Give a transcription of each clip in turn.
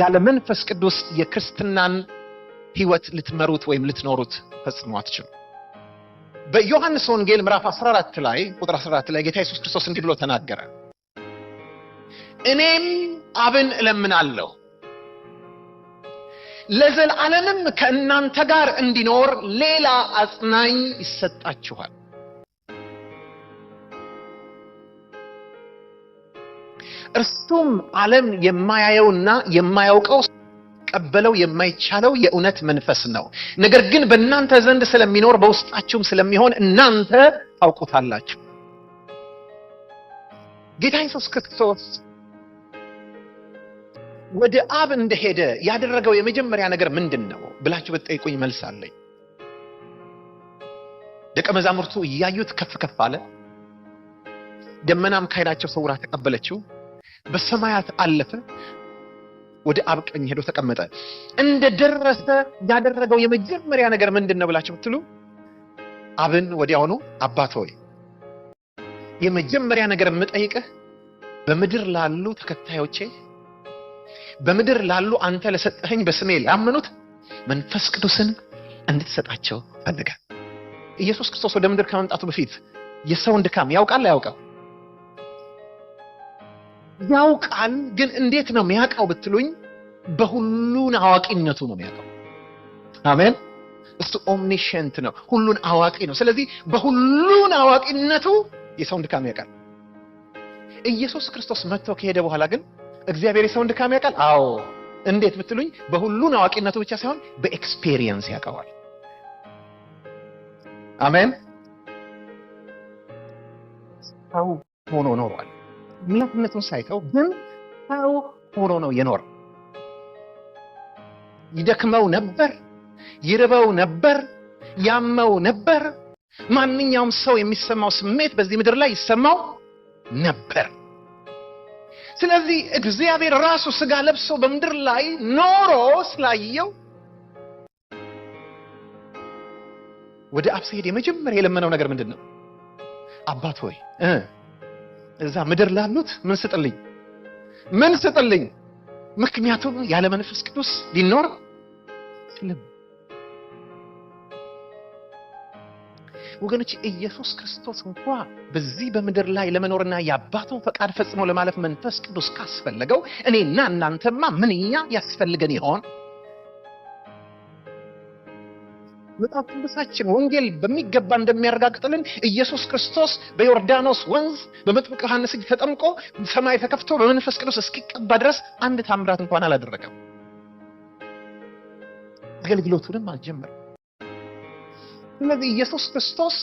ያለ መንፈስ ቅዱስ የክርስትናን ህይወት ልትመሩት ወይም ልትኖሩት ፈጽሞ አትችሉ። በዮሐንስ ወንጌል ምዕራፍ 14 ላይ ቁጥር 14 ላይ ጌታ ኢየሱስ ክርስቶስ እንዲህ ብሎ ተናገረ፣ እኔም አብን እለምናለሁ ለዘላለምም ከእናንተ ጋር እንዲኖር ሌላ አጽናኝ ይሰጣችኋል እርሱም ዓለም የማያየውና የማያውቀው ቀበለው የማይቻለው የእውነት መንፈስ ነው። ነገር ግን በእናንተ ዘንድ ስለሚኖር በውስጣችሁም ስለሚሆን እናንተ ታውቁታላችሁ። ጌታ ኢየሱስ ክርስቶስ ወደ አብ እንደሄደ ያደረገው የመጀመሪያ ነገር ምንድን ነው ብላችሁ ብትጠይቁኝ መልስ አለኝ። ደቀ መዛሙርቱ እያዩት ከፍ ከፍ አለ፣ ደመናም ከኃይላቸው ሰውራ ተቀበለችው። በሰማያት አለፈ፣ ወደ አብ ቀኝ ሄዶ ተቀመጠ። እንደደረሰ ያደረገው የመጀመሪያ ነገር ምንድን ነው ብላችሁ ብትሉ አብን ወዲያውኑ አባት ሆይ የመጀመሪያ ነገር የምጠይቅህ በምድር ላሉ ተከታዮቼ በምድር ላሉ አንተ ለሰጠኸኝ በስሜ ላመኑት መንፈስ ቅዱስን እንድትሰጣቸው ፈልጋል። ኢየሱስ ክርስቶስ ወደ ምድር ከመምጣቱ በፊት የሰውን ድካም ያውቃል አያውቀው? ያውቃል። ግን እንዴት ነው የሚያውቀው ብትሉኝ፣ በሁሉን አዋቂነቱ ነው የሚያውቀው። አሜን። እሱ ኦምኒሸንት ነው፣ ሁሉን አዋቂ ነው። ስለዚህ በሁሉን አዋቂነቱ የሰውን ድካም ያውቃል። ኢየሱስ ክርስቶስ መጥቶ ከሄደ በኋላ ግን እግዚአብሔር የሰውን ድካም ያውቃል። አዎ እንዴት ብትሉኝ፣ በሁሉን አዋቂነቱ ብቻ ሳይሆን በኤክስፔሪየንስ ያውቀዋል። አሜን። ሰው ሆኖ ኖሯል። ምንነቱን ሳይተው ግን ሰው ሆኖ ነው የኖር። ይደክመው ነበር፣ ይርበው ነበር፣ ያመው ነበር። ማንኛውም ሰው የሚሰማው ስሜት በዚህ ምድር ላይ ይሰማው ነበር። ስለዚህ እግዚአብሔር ራሱ ስጋ ለብሶ በምድር ላይ ኖሮ ስላየው ወደ አብ ሲሄድ የመጀመሪያ የለመነው ነገር ምንድን ነው? አባት ሆይ እዛ ምድር ላሉት ምን ስጥልኝ ምን ስጥልኝ። ምክንያቱም ያለ መንፈስ ቅዱስ ሊኖር ለም ወገኖች ኢየሱስ ክርስቶስ እንኳ በዚህ በምድር ላይ ለመኖርና የአባቱን ፈቃድ ፈጽሞ ለማለፍ መንፈስ ቅዱስ ካስፈለገው እኔና እናንተማ ምንኛ ያስፈልገን ይሆን? መጽሐፍ ቅዱሳችን ወንጌል በሚገባ እንደሚያረጋግጥልን ኢየሱስ ክርስቶስ በዮርዳኖስ ወንዝ በመጥምቅ ዮሐንስ እጅ ተጠምቆ ሰማይ ተከፍቶ በመንፈስ ቅዱስ እስኪቀባ ድረስ አንድ ታምራት እንኳን አላደረገም። አገልግሎቱንም አልጀመረም። ስለዚህ ኢየሱስ ክርስቶስ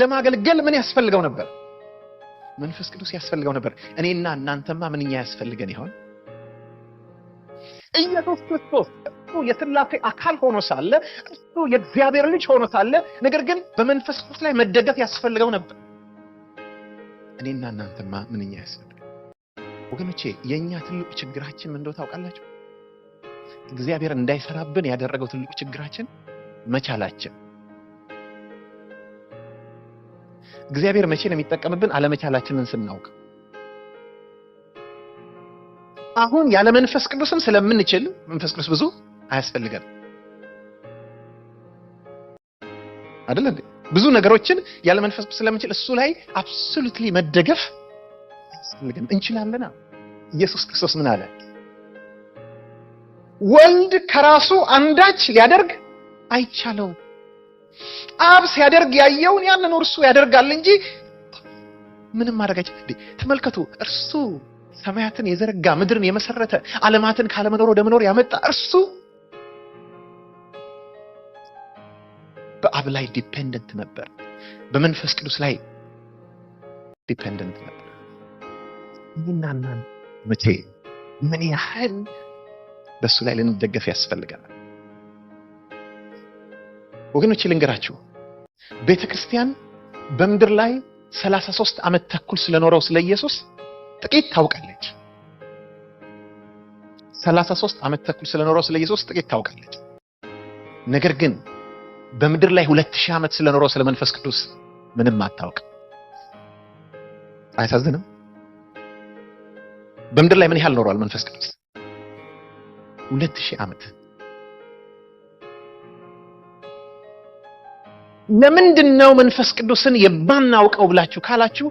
ለማገልገል ምን ያስፈልገው ነበር? መንፈስ ቅዱስ ያስፈልገው ነበር። እኔና እናንተማ ምንኛ ያስፈልገን ይሆን? ኢየሱስ ክርስቶስ እሱ የስላሴ አካል ሆኖ ሳለ እሱ የእግዚአብሔር ልጅ ሆኖ ሳለ ነገር ግን በመንፈስ ቅዱስ ላይ መደገፍ ያስፈልገው ነበር። እኔና እናንተማ ምንኛ ያስፈልግ ወገኖቼ። የእኛ ትልቁ ችግራችን ምንደው ታውቃላችሁ? እግዚአብሔር እንዳይሰራብን ያደረገው ትልቁ ችግራችን መቻላችን። እግዚአብሔር መቼ ነው የሚጠቀምብን? አለመቻላችንን ስናውቅ አሁን ያለመንፈስ ቅዱስም ስለምንችል መንፈስ ቅዱስ ብዙ አያስፈልገም አደለ እንዴ? ብዙ ነገሮችን ያለ መንፈስ ስለምንችል እሱ ላይ አብሶሉትሊ መደገፍ እንችላለን እንችላለና ኢየሱስ ክርስቶስ ምን አለ? ወልድ ከራሱ አንዳች ሊያደርግ አይቻለው አብ ሲያደርግ ያየውን ያንን እርሱ ያደርጋል እንጂ ምንም ማድረግ ተመልከቱ፣ እርሱ ሰማያትን የዘረጋ ምድርን የመሰረተ ዓለማትን ካለመኖር ወደ መኖር ያመጣ እርሱ በአብ ላይ ዲፔንደንት ነበር። በመንፈስ ቅዱስ ላይ ዲፔንደንት ነበር። ይህናና መቼ ምን ያህል በእሱ ላይ ልንደገፍ ያስፈልገናል? ወገኖች ልንገራችሁ፣ ቤተ ክርስቲያን በምድር ላይ ሰላሳ ሶስት ዓመት ተኩል ስለኖረው ስለ ኢየሱስ ጥቂት ታውቃለች። 33 ሶስት ዓመት ተኩል ስለኖረው ስለ ኢየሱስ ጥቂት ታውቃለች። ነገር ግን በምድር ላይ ሁለት ሺህ ዓመት ስለኖረው ስለ መንፈስ ቅዱስ ምንም አታውቅ። አያሳዝንም? በምድር ላይ ምን ያህል ኖሯል መንፈስ ቅዱስ? ሁለት ሺህ ዓመት። ለምንድን ነው መንፈስ ቅዱስን የማናውቀው ብላችሁ ካላችሁ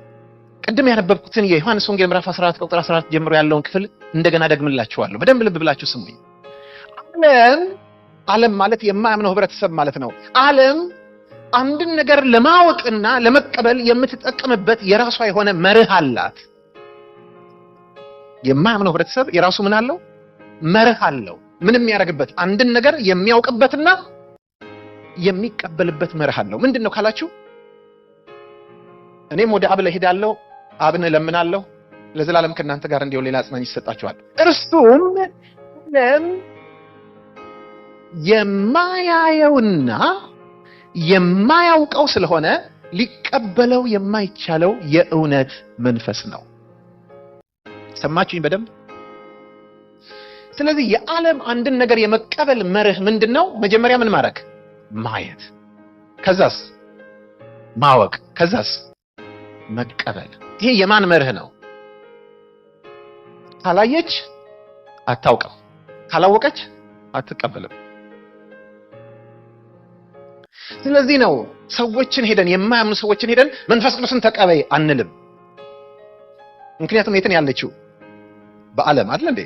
ቅድም ያነበብኩትን የዮሐንስ ወንጌል ምዕራፍ 14 ቁጥር 14 ጀምሮ ያለውን ክፍል እንደገና ደግምላችኋለሁ። በደንብ ልብ ብላችሁ ስሙኝ። ዓለም ዓለም ማለት የማያምነው ህብረተሰብ ማለት ነው። ዓለም አንድን ነገር ለማወቅና ለመቀበል የምትጠቀምበት የራሷ የሆነ መርህ አላት። የማያምነው ህብረተሰብ የራሱ ምን አለው? መርህ አለው። ምን የሚያደርግበት አንድን ነገር የሚያውቅበትና የሚቀበልበት መርህ አለው። ምንድን ነው ካላችሁ እኔም ወደ አብ ለሄዳለሁ፣ አብን እለምናለሁ፣ ለዘላለም ከእናንተ ጋር እንዲሆን ሌላ አጽናኝ ይሰጣችኋል። እርሱም ለም የማያየውና የማያውቀው ስለሆነ ሊቀበለው የማይቻለው የእውነት መንፈስ ነው። ሰማችሁኝ በደንብ? ስለዚህ የዓለም አንድን ነገር የመቀበል መርህ ምንድን ነው? መጀመሪያ ምን ማድረግ? ማየት፣ ከዛስ ማወቅ፣ ከዛስ መቀበል። ይሄ የማን መርህ ነው? ካላየች አታውቅም፣ ካላወቀች አትቀበልም። ስለዚህ ነው ሰዎችን ሄደን የማያምኑ ሰዎችን ሄደን መንፈስ ቅዱስን ተቀበይ አንልም። ምክንያቱም የትን ያለችው በዓለም አይደል እንዴ?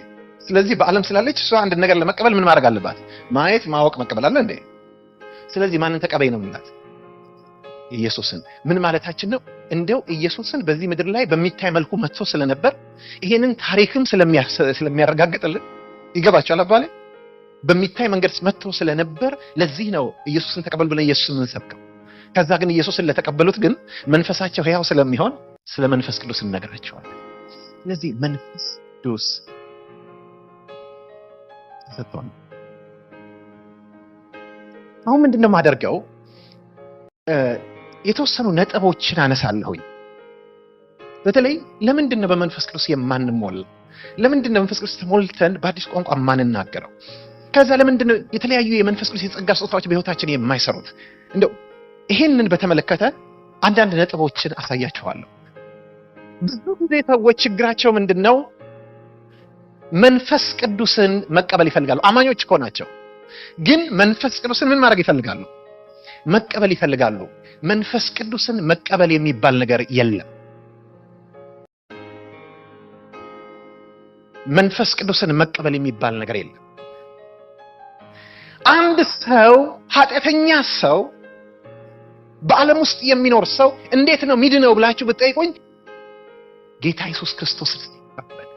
ስለዚህ በዓለም ስላለች እሷ አንድ ነገር ለመቀበል ምን ማድረግ አለባት? ማየት፣ ማወቅ፣ መቀበል አለ እንዴ? ስለዚህ ማንን ተቀበይ ነው የምንላት? ኢየሱስን። ምን ማለታችን ነው? እንደው ኢየሱስን በዚህ ምድር ላይ በሚታይ መልኩ መጥቶ ስለነበር ይሄንን ታሪክም ስለሚያረጋግጥልን ይገባቸዋል አባሌ በሚታይ መንገድ መጥተው ስለነበር ለዚህ ነው ኢየሱስን ተቀበል ብለን ኢየሱስ የምንሰብከው። ከዛ ግን ኢየሱስን ለተቀበሉት ግን መንፈሳቸው ሕያው ስለሚሆን ስለ መንፈስ ቅዱስ እንነግራቸዋለን። ስለዚህ መንፈስ ቅዱስ ተሰጥቷል። አሁን ምንድን ነው የማደርገው? የተወሰኑ ነጥቦችን አነሳለሁኝ። በተለይ ለምንድን ነው በመንፈስ ቅዱስ የማንሞላ? ለምንድን ነው መንፈስ ቅዱስ ተሞልተን በአዲስ ቋንቋ የማንናገረው? ከዛ ለምንድን ነው የተለያዩ የመንፈስ ቅዱስ የጸጋ ስጦታዎች በህይወታችን የማይሰሩት? እንደው ይህንን በተመለከተ አንዳንድ ነጥቦችን አሳያችኋለሁ። ብዙ ጊዜ ሰዎች ችግራቸው ምንድን ነው? መንፈስ ቅዱስን መቀበል ይፈልጋሉ። አማኞች እኮ ናቸው፣ ግን መንፈስ ቅዱስን ምን ማድረግ ይፈልጋሉ? መቀበል ይፈልጋሉ። መንፈስ ቅዱስን መቀበል የሚባል ነገር የለም። መንፈስ ቅዱስን መቀበል የሚባል ነገር የለም። አንድ ሰው ኃጢአተኛ ሰው በዓለም ውስጥ የሚኖር ሰው እንዴት ነው ሚድነው ብላችሁ ብትጠይቁኝ ጌታ ኢየሱስ ክርስቶስ ልትቀበል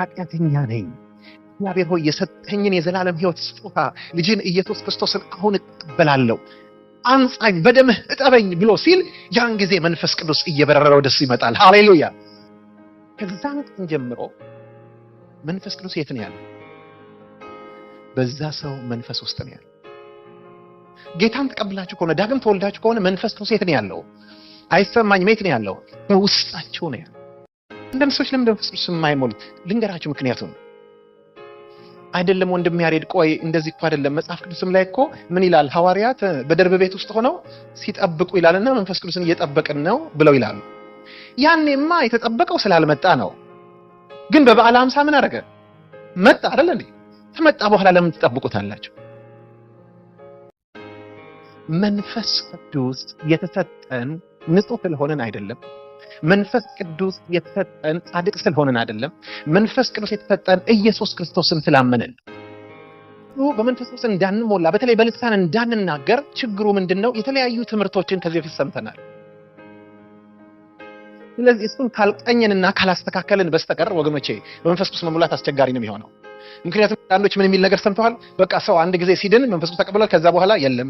ኃጢአተኛ ነኝ፣ እግዚአብሔር ሆይ የሰጠኝን የዘላለም ህይወት ስጦታ ልጅን ኢየሱስ ክርስቶስን አሁን እቀበላለሁ፣ አንጻኝ፣ በደምህ እጠበኝ ብሎ ሲል ያን ጊዜ መንፈስ ቅዱስ እየበረረ ወደሱ ይመጣል። ሃሌሉያ! ከዛን ቀን ጀምሮ መንፈስ ቅዱስ የት ነው ያለው? በዛ ሰው መንፈስ ውስጥ ነው ያለው። ጌታን ተቀብላችሁ ከሆነ ዳግም ተወልዳችሁ ከሆነ መንፈስ የት ነው ያለው። አይሰማኝም የት ነው ያለው? በውስጣችሁ ነው ያለው። አንዳንድ ሰዎች ለምን መንፈስ ቅዱስ የማይሞሉት ልንገራችሁ፣ ምክንያቱም አይደለም ወንድም ያሬድ፣ ቆይ እንደዚህ እኮ አይደለም። መጽሐፍ ቅዱስም ላይ እኮ ምን ይላል? ሐዋርያት በደርብ ቤት ውስጥ ሆነው ሲጠብቁ ይላልና መንፈስ ቅዱስን እየጠበቅን ነው ብለው ይላሉ። ያኔማ የተጠበቀው ስላልመጣ ነው። ግን በበዓለ ሃምሳ ምን አደረገ? መጣ አይደል እንዴ? ከመጣ በኋላ ለምን ትጠብቁታላችሁ? መንፈስ ቅዱስ የተሰጠን ንጹህ ስለሆነን አይደለም። መንፈስ ቅዱስ የተሰጠን ጻድቅ ስለሆነን አይደለም። መንፈስ ቅዱስ የተሰጠን ኢየሱስ ክርስቶስን ስላመነን በመንፈስ ቅዱስ እንዳንሞላ በተለይ በልሳን እንዳንናገር ችግሩ ምንድን ነው? የተለያዩ ትምህርቶችን ከዚህ በፊት ሰምተናል። ስለዚህ እሱን ካልቀኘንና ካላስተካከልን በስተቀር ወገኖቼ በመንፈስ ቅዱስ መሙላት አስቸጋሪ ነው የሚሆነው። ምክንያቱም አንዶች ምን የሚል ነገር ሰምተዋል። በቃ ሰው አንድ ጊዜ ሲድን መንፈሱ ተቀብሏል፣ ከዛ በኋላ የለም።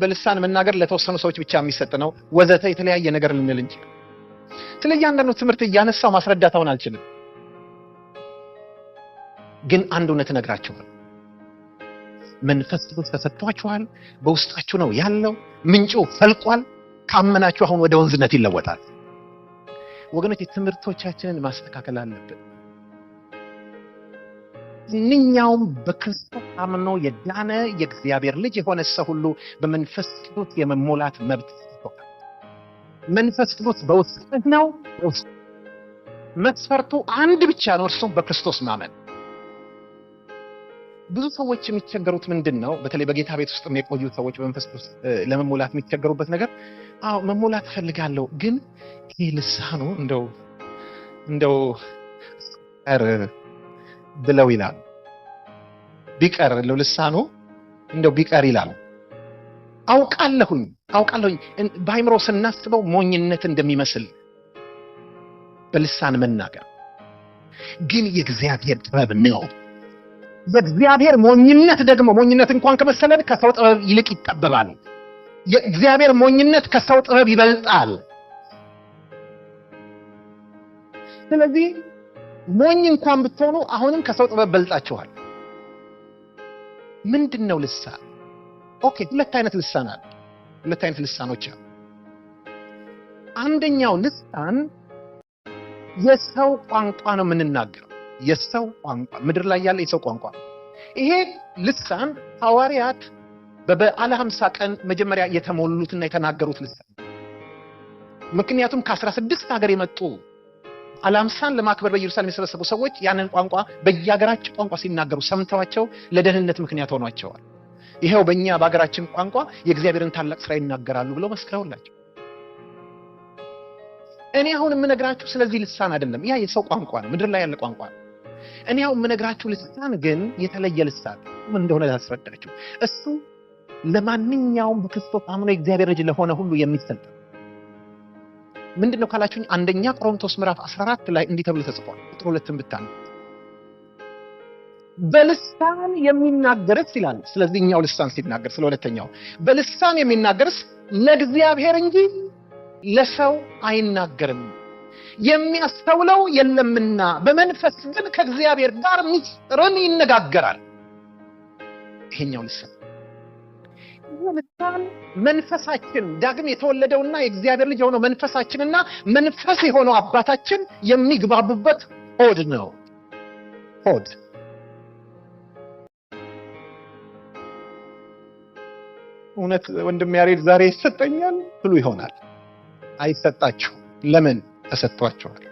በልሳን መናገር ለተወሰኑ ሰዎች ብቻ የሚሰጥ ነው ወዘተ የተለያየ ነገር ልንል እንችል። ስለ እያንዳንዱ ትምህርት እያነሳው ማስረዳት አሁን አልችልም። ግን አንድ እውነት እነግራችኋል። መንፈስ ቅዱስ ተሰጥቷችኋል፣ በውስጣችሁ ነው ያለው፣ ምንጩ ፈልቋል። ካመናችሁ አሁን ወደ ወንዝነት ይለወጣል። ወገኖች የትምህርቶቻችንን ማስተካከል አለብን። ማንኛውም በክርስቶስ አምኖ የዳነ የእግዚአብሔር ልጅ የሆነ ሰው ሁሉ በመንፈስ ቅዱስ የመሞላት መብት መንፈስ ቅዱስ በውስጥህ ነው። መስፈርቱ አንድ ብቻ ነው፣ እርሱም በክርስቶስ ማመን። ብዙ ሰዎች የሚቸገሩት ምንድን ነው? በተለይ በጌታ ቤት ውስጥ የቆዩ ሰዎች በመንፈስ ቅዱስ ለመሞላት የሚቸገሩበት ነገር፣ አዎ መሞላት ፈልጋለሁ ግን ይህ ልሳኑ እንደው እንደው ብለው ይላሉ። ቢቀር ልሳኑ እንደው ቢቀር ይላሉ። አውቃለሁኝ አውቃለሁኝ በአይምሮ ስናስበው ሞኝነት እንደሚመስል በልሳን መናገር ግን የእግዚአብሔር ጥበብ ነው። የእግዚአብሔር ሞኝነት ደግሞ ሞኝነት እንኳን ከመሰለን ከሰው ጥበብ ይልቅ ይጠበባል። የእግዚአብሔር ሞኝነት ከሰው ጥበብ ይበልጣል። ስለዚህ ሞኝ እንኳን ብትሆኑ አሁንም ከሰው ጥበብ በልጣችኋል። ምንድን ነው ልሳን? ኦኬ ሁለት አይነት ልሳን አለ። ሁለት አይነት ልሳኖች አሉ። አንደኛው ልሳን የሰው ቋንቋ ነው የምንናገረው። የሰው ቋንቋ ምድር ላይ ያለ የሰው ቋንቋ ይሄ ልሳን ሐዋርያት በበዓለ ሃምሳ ቀን መጀመሪያ የተሞሉትና የተናገሩት ልሳን ምክንያቱም ከአስራ ስድስት ሀገር የመጡ አላምሳን ለማክበር በኢየሩሳሌም የሰበሰቡ ሰዎች ያንን ቋንቋ በየሀገራቸው ቋንቋ ሲናገሩ ሰምተዋቸው ለደህንነት ምክንያት ሆኗቸዋል። ይኸው በእኛ በሀገራችን ቋንቋ የእግዚአብሔርን ታላቅ ስራ ይናገራሉ ብለው መስክረውላቸው። እኔ አሁን የምነግራችሁ ስለዚህ ልሳን አይደለም። ያ የሰው ቋንቋ ነው፣ ምድር ላይ ያለ ቋንቋ ነው። እኔ አሁን የምነግራችሁ ልሳን ግን የተለየ ልሳን ምን እንደሆነ ላስረዳችሁ። እሱ ለማንኛውም በክርስቶስ አምኖ የእግዚአብሔር ልጅ ለሆነ ሁሉ የሚሰጥ ምንድን ነው ካላችሁኝ አንደኛ ቆሮንቶስ ምዕራፍ 14 ላይ እንዲህ ተብሎ ተጽፏል። ቁጥር ሁለትን ብታነ በልሳን የሚናገርስ ይላል። ስለዚህኛው ልሳን ሲናገር ስለ ሁለተኛው በልሳን የሚናገርስ ለእግዚአብሔር እንጂ ለሰው አይናገርም የሚያስተውለው የለምና በመንፈስ ግን ከእግዚአብሔር ጋር ምስጢርን ይነጋገራል። ይሄኛው ልሳን ምታን መንፈሳችን ዳግም የተወለደውና የእግዚአብሔር ልጅ የሆነው መንፈሳችንና መንፈስ የሆነው አባታችን የሚግባቡበት ሆድ ነው። ሆድ እውነት ወንድም ያሬድ ዛሬ ይሰጠኛል ብሉ ይሆናል። አይሰጣችሁ። ለምን ተሰጥቷቸዋል?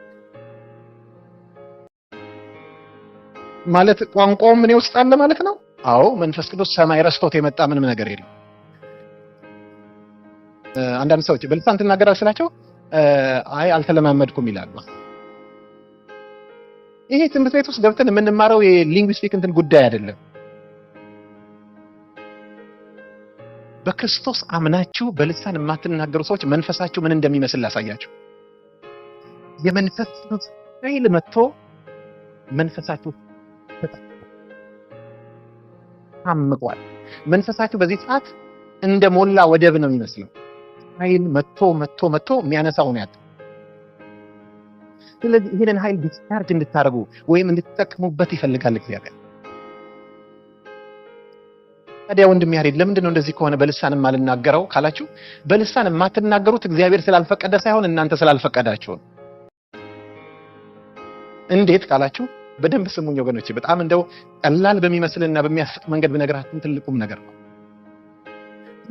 ማለት ቋንቋውም እኔ ውስጥ አለ ማለት ነው። አዎ መንፈስ ቅዱስ ሰማይ ረስቶት የመጣ ምንም ነገር የለም። አንዳንድ ሰዎች በልሳን ትናገራለህ ስላቸው አይ አልተለማመድኩም ይላሉ። ይሄ ትምህርት ቤት ውስጥ ገብተን የምንማረው የሊንግዊስቲክ እንትን ጉዳይ አይደለም። በክርስቶስ አምናችሁ በልሳን የማትናገሩ ሰዎች መንፈሳችሁ ምን እንደሚመስል ላሳያችሁ። የመንፈስ ኃይል መጥቶ መንፈሳችሁ ታምቋል። መንፈሳችሁ በዚህ ሰዓት እንደ ሞላ ወደብ ነው የሚመስለው። ኃይል መጥቶ መጥቶ መጥቶ የሚያነሳው ነው ያጣው። ስለዚህ ይህንን ኃይል ዲስቻርጅ እንድታደርጉ ወይም እንድትጠቅሙበት ይፈልጋል እግዚአብሔር። ታዲያ ወንድም ያሬድ ለምንድን ነው እንደዚህ ከሆነ በልሳን የማልናገረው ካላችሁ፣ በልሳን የማትናገሩት እግዚአብሔር ስላልፈቀደ ሳይሆን እናንተ ስላልፈቀዳችሁ። እንዴት ካላችሁ በደንብ ስሙኝ ወገኖቼ። በጣም እንደው ቀላል በሚመስልና በሚያስቅ መንገድ ብነግራችሁ ትልቁም ነገር ነው።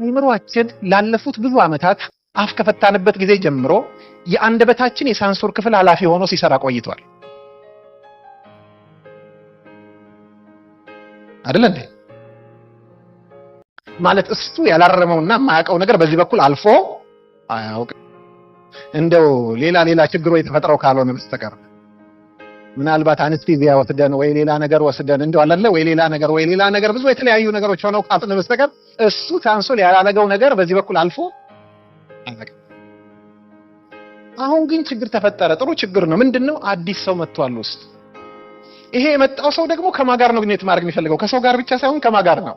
አይምሯችን ላለፉት ብዙ ዓመታት አፍ ከፈታንበት ጊዜ ጀምሮ የአንደበታችን የሳንሱር ክፍል ኃላፊ ሆኖ ሲሰራ ቆይቷል። አይደል እንዴ? ማለት እሱ ያላረመውና የማያውቀው ነገር በዚህ በኩል አልፎ አያውቅም። እንደው ሌላ ሌላ ችግሮ የተፈጠረው ካልሆነ በስተቀር ምናልባት አንስቴዚያ ወስደን ወይ ሌላ ነገር ወስደን እንደው አለ ወይ ሌላ ነገር ወይ ሌላ ነገር ብዙ የተለያዩ ነገሮች ሆነው ካልሆነ በስተቀር እሱ ካንሶል ያላለገው ነገር በዚህ በኩል አልፎ አሁን ግን ችግር ተፈጠረ። ጥሩ ችግር ነው። ምንድነው? አዲስ ሰው መጥቷል ውስጥ ይሄ የመጣው ሰው ደግሞ ከማጋር ነው ግንኙነት ማድረግ የሚፈልገው ከሰው ጋር ብቻ ሳይሆን ከማጋር ነው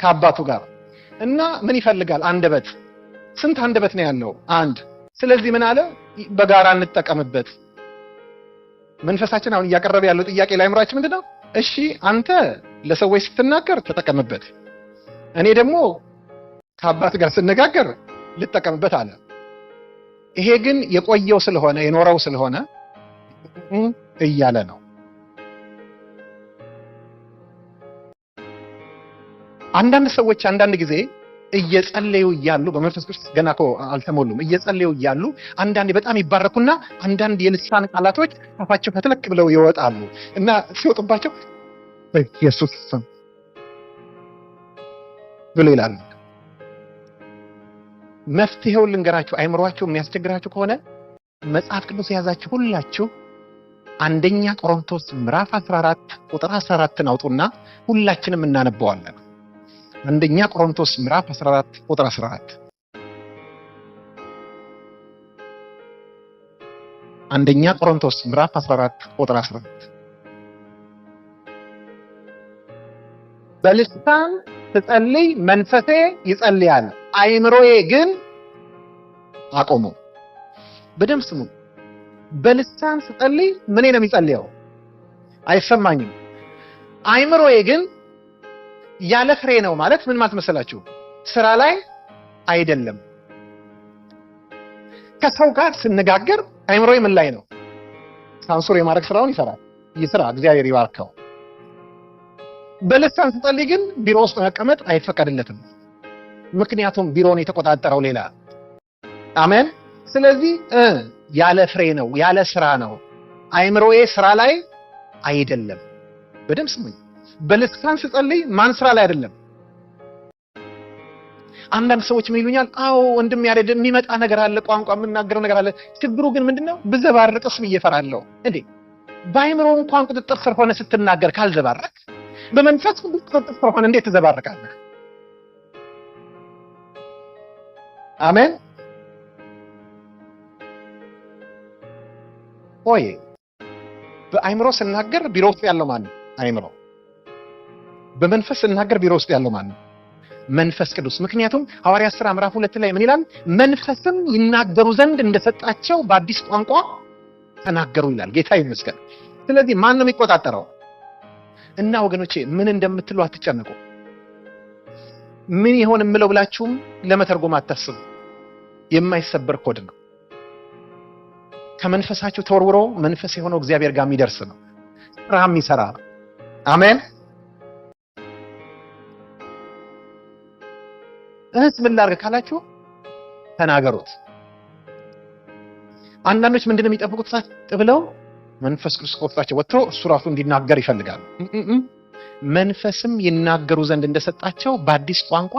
ከአባቱ ጋር እና ምን ይፈልጋል? አንደበት። ስንት አንደበት ነው ያለው? አንድ። ስለዚህ ምን አለ? በጋራ እንጠቀምበት። መንፈሳችን አሁን እያቀረበ ያለው ጥያቄ ላይ ምራችን ምንድነው? እሺ አንተ ለሰዎች ስትናገር ተጠቀምበት። እኔ ደግሞ ከአባት ጋር ስነጋገር ልጠቀምበት አለ። ይሄ ግን የቆየው ስለሆነ የኖረው ስለሆነ እያለ ነው። አንዳንድ ሰዎች አንዳንድ ጊዜ እየጸለዩ እያሉ በመንፈስ ቅዱስ ገና አልተሞሉም። እየጸለዩ እያሉ አንዳንዴ በጣም ይባረኩና አንዳንድ የልሳን ቃላቶች አፋቸው ፈትለክ ብለው ይወጣሉ እና ሲወጡባቸው በኢየሱስ ስም ብሎ ይላል። መፍትሄው ልንገራችሁ። አይምሯችሁ የሚያስቸግራችሁ ከሆነ መጽሐፍ ቅዱስ የያዛችሁ ሁላችሁ አንደኛ ቆሮንቶስ ምዕራፍ 14 ቁጥር 14ን አውጡና ሁላችንም እናነበዋለን። አንደኛ ቆሮንቶስ ምዕራፍ 14 ቁጥር 14 አንደኛ ቆሮንቶስ ምዕራፍ 14 ቁጥር 14 በልሳን ስጸልይ መንፈሴ ይጸልያል፣ አይምሮዬ ግን አቆሙ። በደንብ ስሙ። በልሳን ስጸልይ ምን ነው የሚጸልየው? አይሰማኝም። አይምሮዬ ግን ያለ ፍሬ ነው ማለት ምን ማለት መሰላችሁ? ስራ ላይ አይደለም። ከሰው ጋር ስነጋገር አይምሮዬ ምን ላይ ነው? ሳንሱር የማድረግ ስራውን ይሰራል። ይስራ፣ እግዚአብሔር ይባርከው። በልሳን ስጸልይ ግን ቢሮ ውስጥ መቀመጥ አይፈቀድለትም። ምክንያቱም ቢሮን የተቆጣጠረው ሌላ። አሜን። ስለዚህ ያለ ፍሬ ነው፣ ያለ ስራ ነው። አይምሮዬ ስራ ላይ አይደለም። በደምብ ስሙኝ። በልሳን ስጸልይ ማን ስራ ላይ አይደለም። አንዳንድ ሰዎች ምን ይሉኛል? አዎ ወንድም ያደድ የሚመጣ ነገር አለ፣ ቋንቋ የምናገረው ነገር አለ። ችግሩ ግን ምንድነው? ብዘባርቅስ ብዬ እፈራለሁ። እንዴ በአይምሮ እንኳን ቁጥጥር ስር ሆነ ስትናገር ካልዘባረክ በመንፈስ ቅዱስ ተሰጥፍ ከሆነ እንዴት ትዘባርቃለህ? አሜን። ቆይ በአይምሮ ስናገር ቢሮ ውስጥ ያለው ማን አይምሮ። በመንፈስ ስናገር ቢሮ ውስጥ ያለው ማን መንፈስ ቅዱስ። ምክንያቱም ሐዋርያ ሥራ ምዕራፍ ሁለት ላይ ምን ይላል? መንፈስም ይናገሩ ዘንድ እንደሰጣቸው በአዲስ ቋንቋ ተናገሩ ይላል። ጌታ ይመስገን። ስለዚህ ማን ነው የሚቆጣጠረው? እና ወገኖቼ ምን እንደምትሉ አትጨነቁ። ምን ይሆን የምለው ብላችሁም ለመተርጎም አታስቡ። የማይሰበር ኮድ ነው። ከመንፈሳችሁ ተወርውሮ መንፈስ የሆነው እግዚአብሔር ጋር የሚደርስ ነው። ስራ የሚሰራ ነው። አሜን። እህስ ምን ላድርግ ካላችሁ ተናገሩት። አንዳንዶች ምንድን ነው የሚጠብቁት ብለው መንፈስ ቅዱስ ከውስጣቸው ወጥቶ እሱ ራሱ እንዲናገር ይፈልጋል። መንፈስም ይናገሩ ዘንድ እንደሰጣቸው በአዲስ ቋንቋ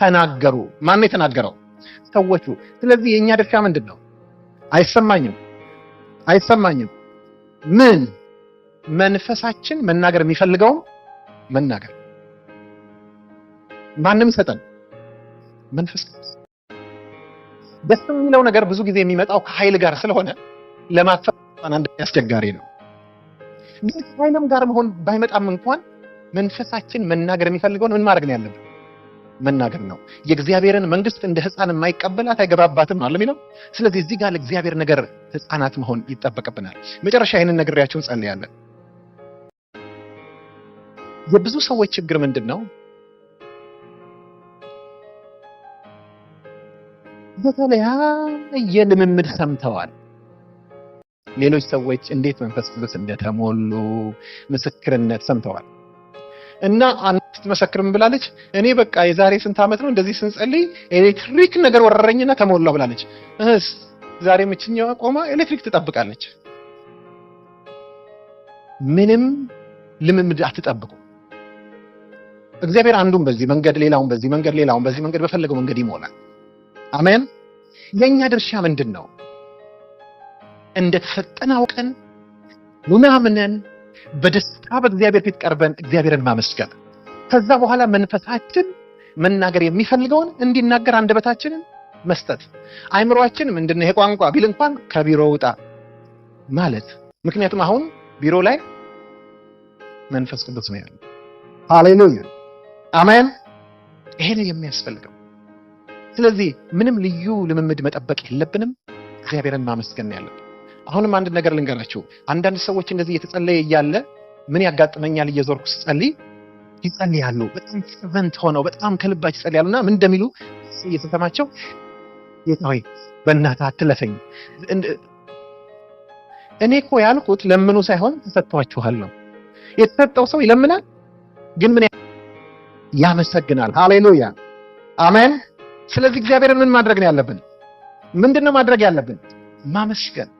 ተናገሩ። ማነው የተናገረው? ሰዎቹ። ስለዚህ የእኛ ድርሻ ምንድን ነው? አይሰማኝም፣ አይሰማኝም። ምን መንፈሳችን መናገር የሚፈልገውም መናገር ማንም ሰጠን መንፈስ ደስ የሚለው ነገር ብዙ ጊዜ የሚመጣው ከኃይል ጋር ስለሆነ ለማፈ እንኳን አንድ አስቸጋሪ ነው። ግን ከዓለም ጋር መሆን ባይመጣም እንኳን መንፈሳችን መናገር የሚፈልገውን ምን ማድረግ ነው ያለብን? መናገር ነው። የእግዚአብሔርን መንግስት እንደ ህፃን የማይቀበላት አይገባባትም ነው የሚለው። ስለዚህ እዚህ ጋር ለእግዚአብሔር ነገር ህፃናት መሆን ይጠበቅብናል። መጨረሻ ይህንን ነግሬያችሁ እንጸልያለን። የብዙ ሰዎች ችግር ምንድን ነው? በተለያየ ልምምድ ሰምተዋል ሌሎች ሰዎች እንዴት መንፈስ ቅዱስ እንደተሞሉ ምስክርነት ሰምተዋል። እና ስትመሰክርም ብላለች። እኔ በቃ የዛሬ ስንት ዓመት ነው እንደዚህ ስንጸልይ ኤሌክትሪክ ነገር ወረረኝና ተሞላው ብላለች። እህስ ዛሬ ምችኛዋ ቆማ ኤሌክትሪክ ትጠብቃለች። ምንም ልምምድ አትጠብቁ። እግዚአብሔር አንዱን በዚህ መንገድ ሌላውን በዚህ መንገድ ሌላውን በዚህ መንገድ በፈለገው መንገድ ይሞላል። አሜን። የእኛ ድርሻ ምንድን ነው? እንደተሰጠን አውቀን ምናምነን በደስታ በእግዚአብሔር ፊት ቀርበን እግዚአብሔርን ማመስገን ከዛ በኋላ መንፈሳችን መናገር የሚፈልገውን እንዲናገር አንደበታችንን መስጠት አይምሯችን ምንድነው ይሄ የቋንቋ ቢል እንኳን ከቢሮ ውጣ ማለት ምክንያቱም አሁን ቢሮ ላይ መንፈስ ቅዱስ ነው ያለ ሃሌሉያ አሜን ይሄ ነው የሚያስፈልገው ስለዚህ ምንም ልዩ ልምምድ መጠበቅ የለብንም እግዚአብሔርን ማመስገን ያለብን አሁንም አንድ ነገር ልንገራቸው። አንዳንድ ሰዎች እንደዚህ እየተጸለየ እያለ ምን ያጋጥመኛል እየዞርኩ ስጸልይ ይጸልያሉ። በጣም ፈቨንት ሆነው በጣም ከልባቸው ይጸልያሉ እና ምን እንደሚሉ እየተሰማቸው ጌታ ሆይ በእናትህ አትለፈኝ። እኔ እኮ ያልኩት ለምኑ ሳይሆን ተሰጥቷችኋል ነው። የተሰጠው ሰው ይለምናል፣ ግን ምን ያመሰግናል። ሃሌሉያ አሜን። ስለዚህ እግዚአብሔርን ምን ማድረግ ነው ያለብን? ምንድን ነው ማድረግ ያለብን? ማመስገን